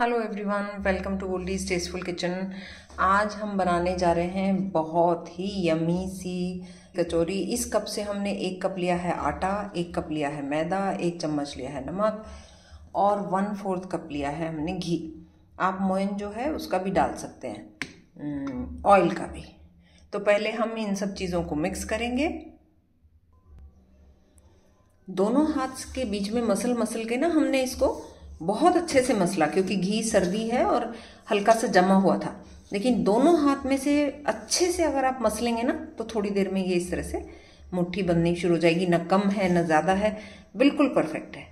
hello everyone welcome to oldies tasteful kitchen आज हम बनाने जा रहे हैं बहुत ही यमी सी कचौरी इस कप से हमने एक कप लिया है आटा एक कप लिया है मैदा एक चम्मच लिया है नमक और वन फोर्थ कप लिया है हमने घी आप मोइन जो है उसका भी डाल सकते हैं ऑयल hmm, का भी तो पहले हम इन सब चीज़ों को मिक्स करेंगे दोनों हाथ के बीच में मसल मसल के ना हमने इसको बहुत अच्छे से मसला क्योंकि घी सर्दी है और हल्का सा जमा हुआ था लेकिन दोनों हाथ में से अच्छे से अगर आप मसलेंगे ना तो थोड़ी देर में ये इस तरह से मुट्ठी बननी शुरू हो जाएगी ना कम है ना ज़्यादा है बिल्कुल परफेक्ट है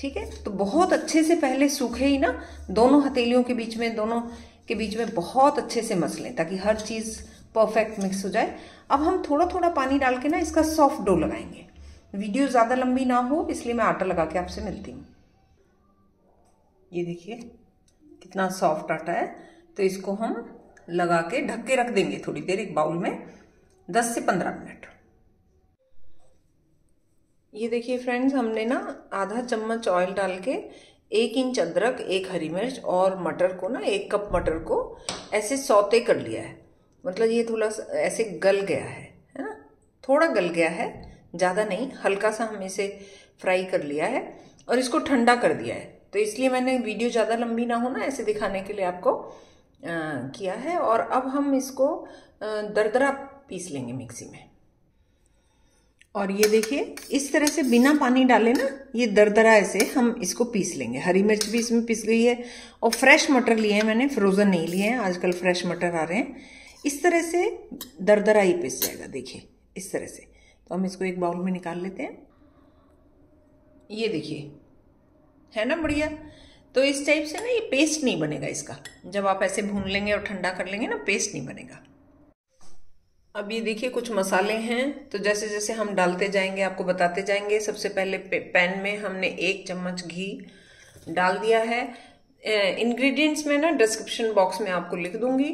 ठीक है तो बहुत अच्छे से पहले सूखे ही ना दोनों हथेलियों के बीच में दोनों के बीच में बहुत अच्छे से मसलें ताकि हर चीज़ परफेक्ट मिक्स हो जाए अब हम थोड़ा थोड़ा पानी डाल के ना इसका सॉफ्ट डो लगाएंगे वीडियो ज़्यादा लंबी ना हो इसलिए मैं आटा लगा के आपसे मिलती हूँ ये देखिए कितना सॉफ्ट आटा है तो इसको हम लगा के ढक के रख देंगे थोड़ी देर एक बाउल में 10 से 15 मिनट ये देखिए फ्रेंड्स हमने ना आधा चम्मच ऑयल डाल के एक इंच अदरक एक हरी मिर्च और मटर को ना एक कप मटर को ऐसे सौते कर लिया है मतलब ये थोड़ा ऐसे गल गया है है ना थोड़ा गल गया है ज़्यादा नहीं हल्का सा हम इसे फ्राई कर लिया है और इसको ठंडा कर दिया है तो इसलिए मैंने वीडियो ज़्यादा लंबी ना हो ना ऐसे दिखाने के लिए आपको आ, किया है और अब हम इसको दरदरा पीस लेंगे मिक्सी में और ये देखिए इस तरह से बिना पानी डाले ना ये दरदरा ऐसे हम इसको पीस लेंगे हरी मिर्च भी इसमें पीस गई है और फ्रेश मटर लिए हैं मैंने फ्रोज़न नहीं लिए हैं आजकल फ्रेश मटर आ रहे हैं इस तरह से दरदरा ही पीस जाएगा देखिए इस तरह से तो हम इसको एक बाउल में निकाल लेते हैं ये देखिए है ना बढ़िया तो इस टाइप से ना ये पेस्ट नहीं बनेगा इसका जब आप ऐसे भून लेंगे और ठंडा कर लेंगे ना पेस्ट नहीं बनेगा अब ये देखिए कुछ मसाले हैं तो जैसे जैसे हम डालते जाएंगे आपको बताते जाएंगे सबसे पहले पैन में हमने एक चम्मच घी डाल दिया है इंग्रेडिएंट्स में ना डिस्क्रिप्शन बॉक्स में आपको लिख दूंगी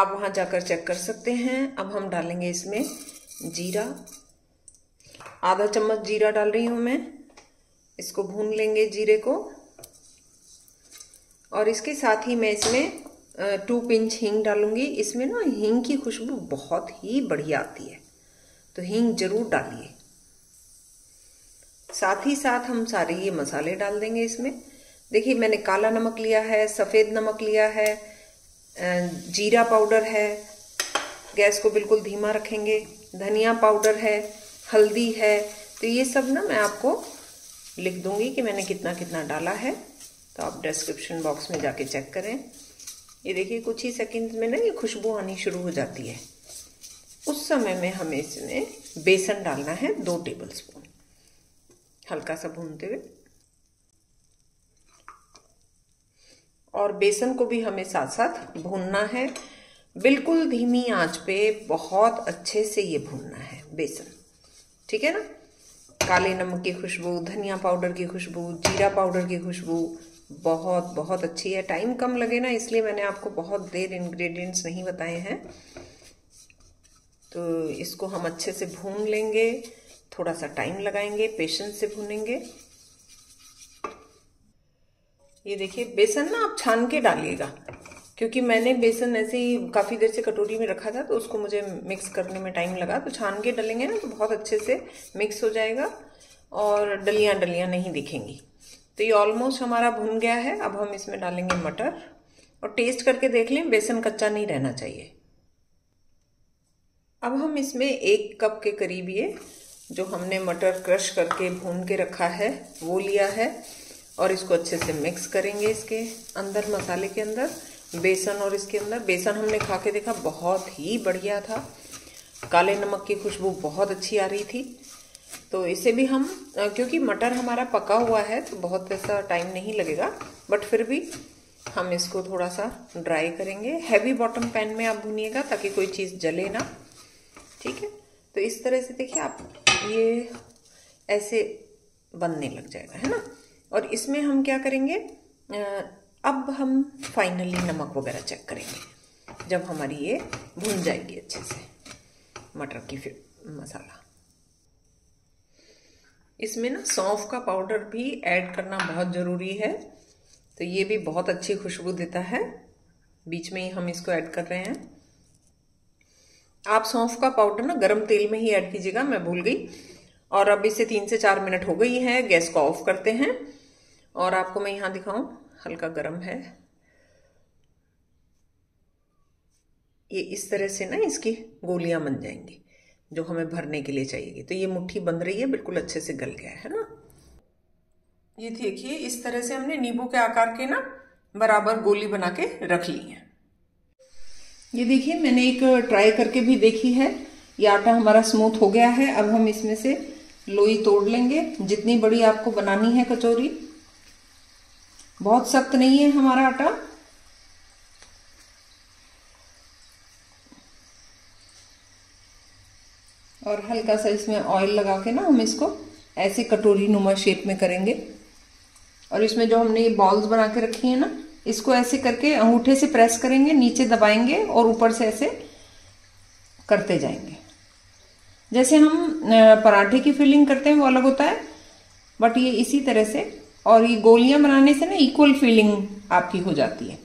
आप वहाँ जाकर चेक कर सकते हैं अब हम डालेंगे इसमें जीरा आधा चम्मच जीरा डाल रही हूँ मैं इसको भून लेंगे जीरे को और इसके साथ ही मैं इसमें टू पिंच हींग डालूंगी इसमें ना हींग की खुशबू बहुत ही बढ़िया आती है तो हींग जरूर डालिए साथ ही साथ हम सारे ये मसाले डाल देंगे इसमें देखिए मैंने काला नमक लिया है सफ़ेद नमक लिया है जीरा पाउडर है गैस को बिल्कुल धीमा रखेंगे धनिया पाउडर है हल्दी है तो ये सब ना मैं आपको लिख दूंगी कि मैंने कितना कितना डाला है तो आप डिस्क्रिप्शन बॉक्स में जाके चेक करें ये देखिए कुछ ही सेकंड में ना ये खुशबू आनी शुरू हो जाती है उस समय में हमें इसमें बेसन डालना है दो टेबल स्पून हल्का सा भूनते हुए और बेसन को भी हमें साथ साथ भूनना है बिल्कुल धीमी आंच पे बहुत अच्छे से ये भूनना है बेसन ठीक है ना काले नमक की खुशबू धनिया पाउडर की खुशबू जीरा पाउडर की खुशबू बहुत बहुत अच्छी है टाइम कम लगे ना इसलिए मैंने आपको बहुत देर इंग्रेडिएंट्स नहीं बताए हैं तो इसको हम अच्छे से भून लेंगे थोड़ा सा टाइम लगाएंगे पेशेंस से भूनेंगे ये देखिए बेसन ना आप छान के डालिएगा क्योंकि मैंने बेसन ऐसे ही काफ़ी देर से कटोरी में रखा था तो उसको मुझे मिक्स करने में टाइम लगा तो छान के डलेंगे ना तो बहुत अच्छे से मिक्स हो जाएगा और डलियाँ डलियाँ नहीं दिखेंगी तो ये ऑलमोस्ट हमारा भुन गया है अब हम इसमें डालेंगे मटर और टेस्ट करके देख लें बेसन कच्चा नहीं रहना चाहिए अब हम इसमें एक कप के करीब ये जो हमने मटर क्रश करके भून के रखा है वो लिया है और इसको अच्छे से मिक्स करेंगे इसके अंदर मसाले के अंदर बेसन और इसके अंदर बेसन हमने खा के देखा बहुत ही बढ़िया था काले नमक की खुशबू बहुत अच्छी आ रही थी तो इसे भी हम क्योंकि मटर हमारा पका हुआ है तो बहुत ऐसा टाइम नहीं लगेगा बट फिर भी हम इसको थोड़ा सा ड्राई करेंगे हैवी बॉटम पैन में आप भूनिएगा ताकि कोई चीज़ जले ना ठीक है तो इस तरह से देखिए आप ये ऐसे बनने लग जाएगा है ना और इसमें हम क्या करेंगे अब हम फाइनली नमक वगैरह चेक करेंगे जब हमारी ये भून जाएगी अच्छे से मटर की फिर मसाला इसमें ना सौंफ का पाउडर भी ऐड करना बहुत ज़रूरी है तो ये भी बहुत अच्छी खुशबू देता है बीच में ही हम इसको ऐड कर रहे हैं आप सौंफ का पाउडर ना गरम तेल में ही ऐड कीजिएगा मैं भूल गई और अब इसे तीन से चार मिनट हो गई है गैस को ऑफ करते हैं और आपको मैं यहाँ दिखाऊं हल्का गर्म है ये इस तरह से ना इसकी गोलियां बन जाएंगी जो हमें भरने के लिए चाहिए तो ये मुट्ठी बन रही है बिल्कुल अच्छे से गल गया है ना ये देखिए इस तरह से हमने नींबू के आकार के ना बराबर गोली बना के रख ली है ये देखिए मैंने एक ट्राई करके भी देखी है ये आटा हमारा स्मूथ हो गया है अब हम इसमें से लोई तोड़ लेंगे जितनी बड़ी आपको बनानी है कचौरी बहुत सख्त नहीं है हमारा आटा और हल्का सा इसमें ऑयल लगा के ना हम इसको ऐसे कटोरी नुमा शेप में करेंगे और इसमें जो हमने ये बॉल्स बना के रखी है ना इसको ऐसे करके अंगूठे से प्रेस करेंगे नीचे दबाएंगे और ऊपर से ऐसे करते जाएंगे जैसे हम पराठे की फिलिंग करते हैं वो अलग होता है बट ये इसी तरह से और ये गोलियां बनाने से ना इक्वल फीलिंग आपकी हो जाती है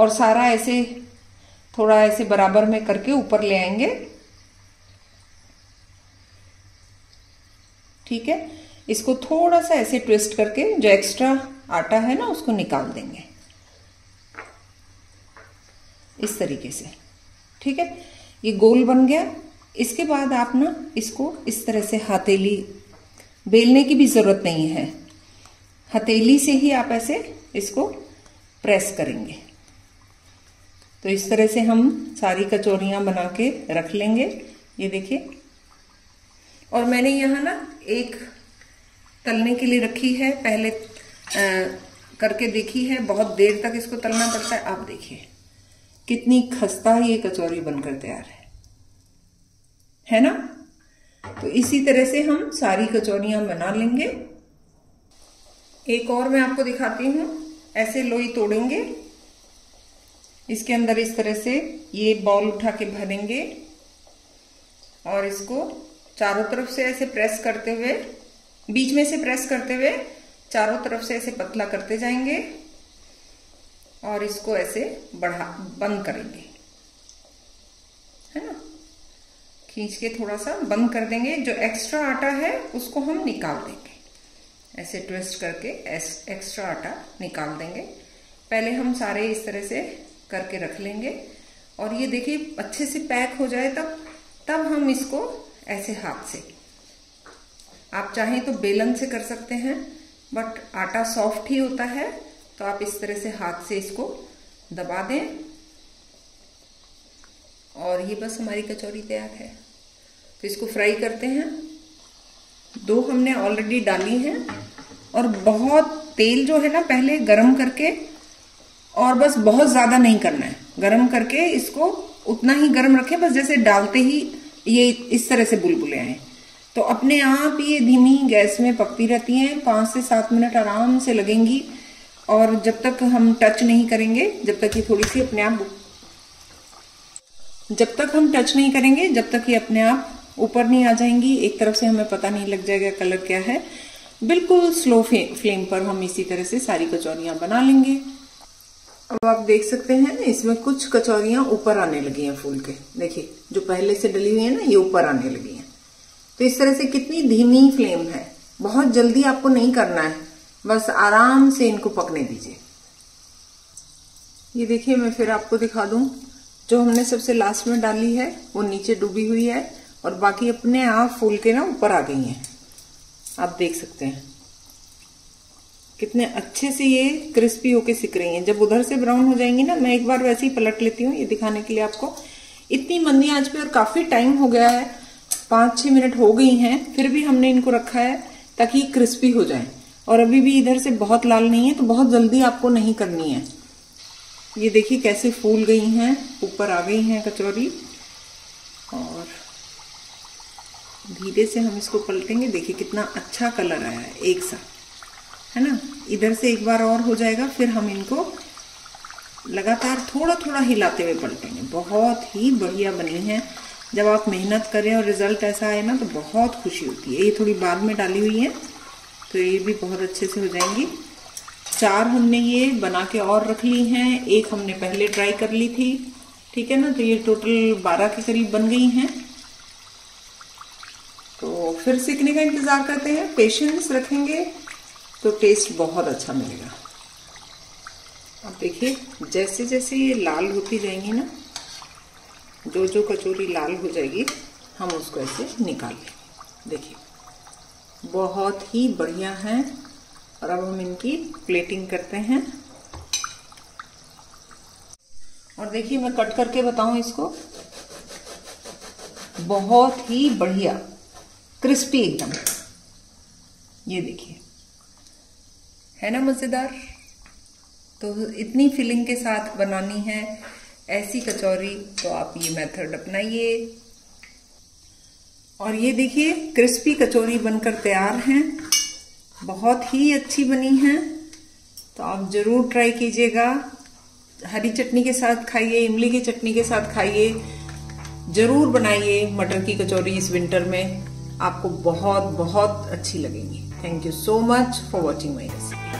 और सारा ऐसे थोड़ा ऐसे बराबर में करके ऊपर ले आएंगे ठीक है इसको थोड़ा सा ऐसे ट्विस्ट करके जो एक्स्ट्रा आटा है ना उसको निकाल देंगे इस तरीके से ठीक है ये गोल बन गया इसके बाद आप ना इसको इस तरह से हाथेली बेलने की भी ज़रूरत नहीं है हथेली से ही आप ऐसे इसको प्रेस करेंगे तो इस तरह से हम सारी कचौड़ियाँ बना के रख लेंगे ये देखिए और मैंने यहाँ ना एक तलने के लिए रखी है पहले आ, करके देखी है बहुत देर तक इसको तलना पड़ता है आप देखिए कितनी खस्ता ये कचौरी बनकर तैयार है है ना तो इसी तरह से हम सारी कचौड़ियाँ बना लेंगे एक और मैं आपको दिखाती हूँ ऐसे लोई तोड़ेंगे इसके अंदर इस तरह से ये बॉल उठा के भरेंगे और इसको चारों तरफ से ऐसे प्रेस करते हुए बीच में से प्रेस करते हुए चारों तरफ से ऐसे पतला करते जाएंगे और इसको ऐसे बढ़ा बंद करेंगे है ना खींच के थोड़ा सा बंद कर देंगे जो एक्स्ट्रा आटा है उसको हम निकाल देंगे ऐसे ट्विस्ट करके एस, एक्स्ट्रा आटा निकाल देंगे पहले हम सारे इस तरह से करके रख लेंगे और ये देखिए अच्छे से पैक हो जाए तब तब हम इसको ऐसे हाथ से आप चाहें तो बेलन से कर सकते हैं बट आटा सॉफ्ट ही होता है तो आप इस तरह से हाथ से इसको दबा दें और ये बस हमारी कचौरी तैयार है तो इसको फ्राई करते हैं दो हमने ऑलरेडी डाली है और बहुत तेल जो है ना पहले गरम करके और बस बहुत ज़्यादा नहीं करना है गरम करके इसको उतना ही गरम रखें बस जैसे डालते ही ये इस तरह से बुलबुले आए तो अपने आप ये धीमी गैस में पकती रहती हैं पाँच से सात मिनट आराम से लगेंगी और जब तक हम टच नहीं करेंगे जब तक ये थोड़ी सी अपने आप जब तक हम टच नहीं करेंगे जब तक ये अपने आप ऊपर नहीं आ जाएंगी एक तरफ से हमें पता नहीं लग जाएगा कलर क्या है बिल्कुल स्लो फ्लेम पर हम इसी तरह से सारी कचौरियाँ बना लेंगे अब आप देख सकते हैं इसमें कुछ कचौरियाँ ऊपर आने लगी हैं फूल के देखिए जो पहले से डली हुई है ना ये ऊपर आने लगी हैं तो इस तरह से कितनी धीमी फ्लेम है बहुत जल्दी आपको नहीं करना है बस आराम से इनको पकने दीजिए ये देखिए मैं फिर आपको दिखा दू जो हमने सबसे लास्ट में डाली है वो नीचे डूबी हुई है और बाकी अपने आप फूल के ना ऊपर आ गई हैं आप देख सकते हैं कितने अच्छे से ये क्रिस्पी होके सिक रही हैं जब उधर से ब्राउन हो जाएंगी ना मैं एक बार वैसे ही पलट लेती हूँ ये दिखाने के लिए आपको इतनी मंदी आज पे और काफ़ी टाइम हो गया है पाँच छः मिनट हो गई हैं फिर भी हमने इनको रखा है ताकि ये क्रिस्पी हो जाए और अभी भी इधर से बहुत लाल नहीं है तो बहुत जल्दी आपको नहीं करनी है ये देखिए कैसे फूल गई हैं ऊपर आ गई हैं कचौरी धीरे से हम इसको पलटेंगे देखिए कितना अच्छा कलर आया है एक साथ है ना इधर से एक बार और हो जाएगा फिर हम इनको लगातार थोड़ा थोड़ा हिलाते हुए पलटेंगे बहुत ही बढ़िया बनी है जब आप मेहनत करें और रिजल्ट ऐसा आए ना तो बहुत खुशी होती है ये थोड़ी बाद में डाली हुई है तो ये भी बहुत अच्छे से हो जाएंगी चार हमने ये बना के और रख ली हैं एक हमने पहले ट्राई कर ली थी ठीक है ना तो ये टोटल बारह के करीब बन गई हैं फिर सीखने का इंतज़ार करते हैं पेशेंस रखेंगे तो टेस्ट बहुत अच्छा मिलेगा अब देखिए जैसे जैसे ये लाल होती जाएंगी ना जो जो कचौरी लाल हो जाएगी हम उसको ऐसे निकाल लें देखिए बहुत ही बढ़िया है और अब हम इनकी प्लेटिंग करते हैं और देखिए मैं कट करके बताऊं इसको बहुत ही बढ़िया क्रिस्पी एकदम ये देखिए है ना मज़ेदार तो इतनी फिलिंग के साथ बनानी है ऐसी कचौरी तो आप ये मेथड अपनाइए और ये देखिए क्रिस्पी कचौरी बनकर तैयार हैं बहुत ही अच्छी बनी है तो आप ज़रूर ट्राई कीजिएगा हरी चटनी के साथ खाइए इमली की चटनी के साथ खाइए ज़रूर बनाइए मटर की कचौरी इस विंटर में आपको बहुत बहुत अच्छी लगेंगी thank you so much for watching my recipe